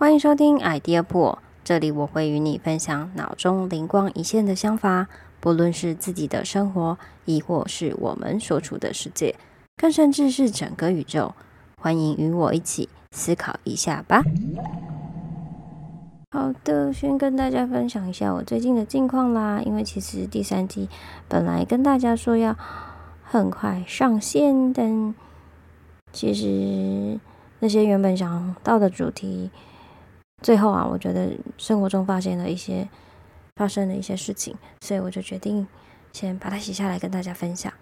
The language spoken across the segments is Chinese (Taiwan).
歡迎收聽《Idea Book》，這裡我會與你分享腦中靈光一現的想法，不論是自己的生活，亦或是我們所處的世界，更甚至是整個宇宙。歡迎與我一起思考一下吧。好的，先跟大家分享一下我最近的近況啦。因為其實第三季本來跟大家說要很快上線，但其實那些原本想到的主題。最後啊，我覺得生活中發現了一些，發生了一些事情，所以我就決定先把它寫下來跟大家分享。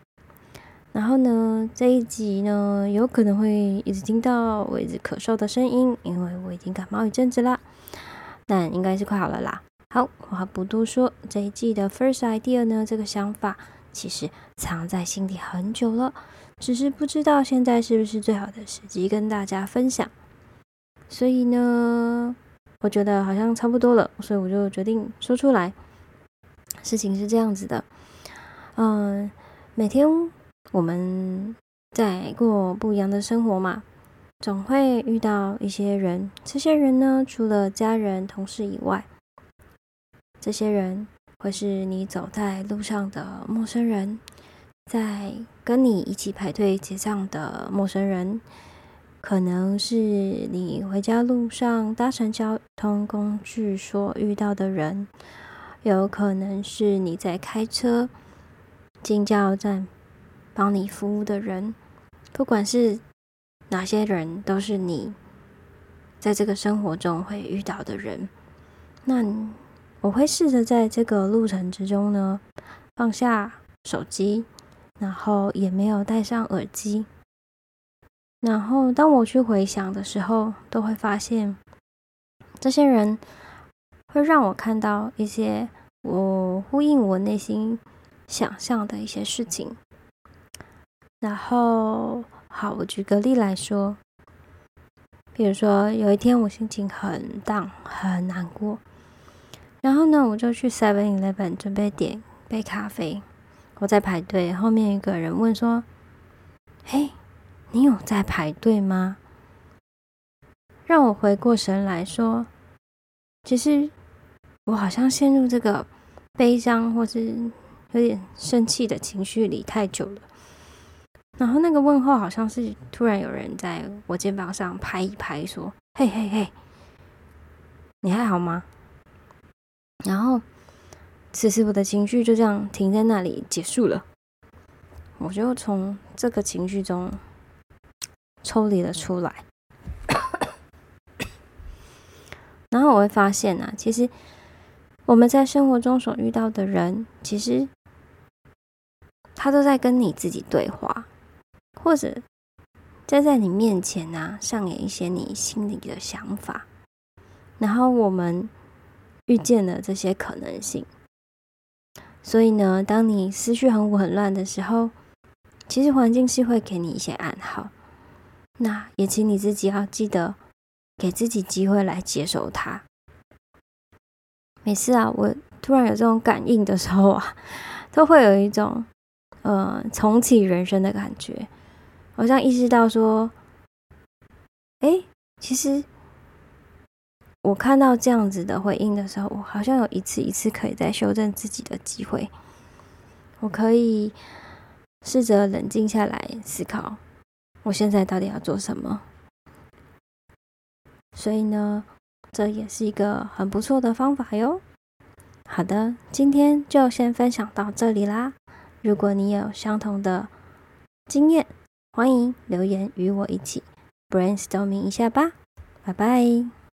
然後呢，這一集呢，有可能會一直聽到我一直咳嗽的聲音，因為我已經感冒一陣子啦，但應該是快好了啦。好，話不多說，這一季的 First Idea 呢，這個想法其實藏在心底很久了，只是不知道現在是不是最好的時機跟大家分享，所以呢。我覺得好像差不多了，所以我就決定說出來。事情是這樣子的，嗯，每天我們在過不一樣的生活嘛，總會遇到一些人。這些人呢，除了家人、同事以外，這些人會是你走在路上的陌生人，在跟你一起排隊結賬的陌生人。可能是你回家路上搭乘交通工具所遇到的人，有可能是你在開車進加油站幫你服務的人，不管是哪些人，都是你在這個生活中會遇到的人。那我會試着在這個路程之中呢，放下手機，然後也沒有戴上耳機。然後，當我去回想的時候，都會發現，這些人會讓我看到一些我呼應我內心想象的一些事情。然後，好，我舉個例來說，比如說有一天我心情很 down 很難過，然後呢，我就去 Seven Eleven 準備點杯咖啡。我在排隊，後面一個人問說：“嘿。”你有在排隊嗎？讓我回過神來說，其實我好像陷入這個悲傷或是有點生氣的情緒裡太久了。然後那個問候好像是突然有人在我肩膀上拍一拍，說：“嘿嘿嘿，你還好嗎？”然後此時我的情緒就這樣停在那裡結束了。我就從這個情緒中，抽離了出來，然後我會發現呢、啊，其實我們在生活中所遇到的人，其實他都在跟你自己對話，或者站在你面前呢、啊，上演一些你心裡的想法。然後我們遇見了這些可能性，所以呢，當你思緒很混亂的時候，其實環境是會給你一些暗號。那也請你自己要、啊、記得，給自己機會來接受它。每次啊，我突然有這種感應的時候啊，都會有一種呃重啟人生的感覺，好像意識到說，哎、欸，其實我看到這樣子的回應的時候，我好像有一次一次可以再修正自己的機會，我可以試着冷靜下來思考。我現在到底要做什麼？所以呢，這也是一個很不錯的方法喲。好的，今天就先分享到這裡啦。如果你有相同的經驗，歡迎留言與我一起 brainstorming 一下吧。拜拜。